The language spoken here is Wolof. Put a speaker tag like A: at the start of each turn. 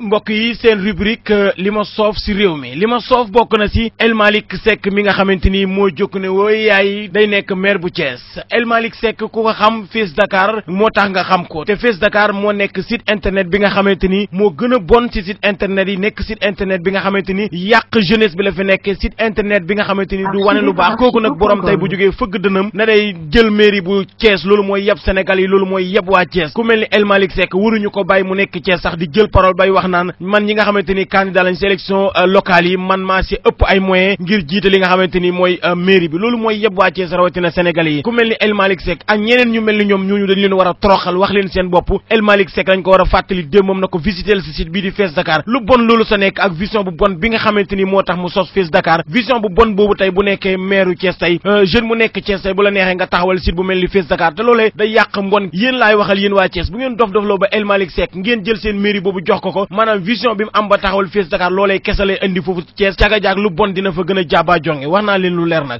A: mbokk yi seen rubrique euh, li ma soof si réew mi li ma soof bokk na si El sekk mi nga xamante ni moo jóg ne wooy yaay day nekk maire bu Thiès El Malick Seck ku ko xam Face Dakar moo tax nga xam ko te Face Dakar moo nekk site internet bi nga xamante ni moo gën a bon si site internet yi nekk site internet bi nga xamante ni yàq jeunesse bi la fi nekk site internet bi nga xamante ni du ah, wane lu baax kooku nag borom tey bu jógee fëgg dënam na day jël mairie bu Thiès loolu mooy yab Sénégal yi loolu mooy yab waa ku mel ni El Malick Seck waruñu ko bàyyi mu nekk Thiès sax di jël parole bay wax naan man ñi nga xamante ni candidat lañ si élection euh, locale yi man maa ngir jiite li nga xamante ni mooy euh, mairie bi loolu mooy yëpp waa Thiès rawatina Sénégalais yi ku mel ni El Malick Seck ak ñu mel ni ñoom ñooñu dañ leen war a wax leen seen bopp El Malick Seck lañ ko war a fàttali démbam na ko visiteel si site bii di Fès Dakar lu bon loolu sa nekk ak vision bu bon bi nga xamante ni moo tax mu sos Fès Dakar vision bu bon boobu tey bu nekkee maire Thiès tey euh, jeune mu nekk Thiès tey bu la neexee nga taxawal site bu mel ni Fès Dakar te loolee day yàq mbon yéen laay waxal yéen waa ko ko maanaam vision bi mu am ba taxawal Face Dakar loolee kese lay indi foofu Thiès caga jaag lu bon dina fa gën a jaaba
B: jonge wax na leen lu leer nag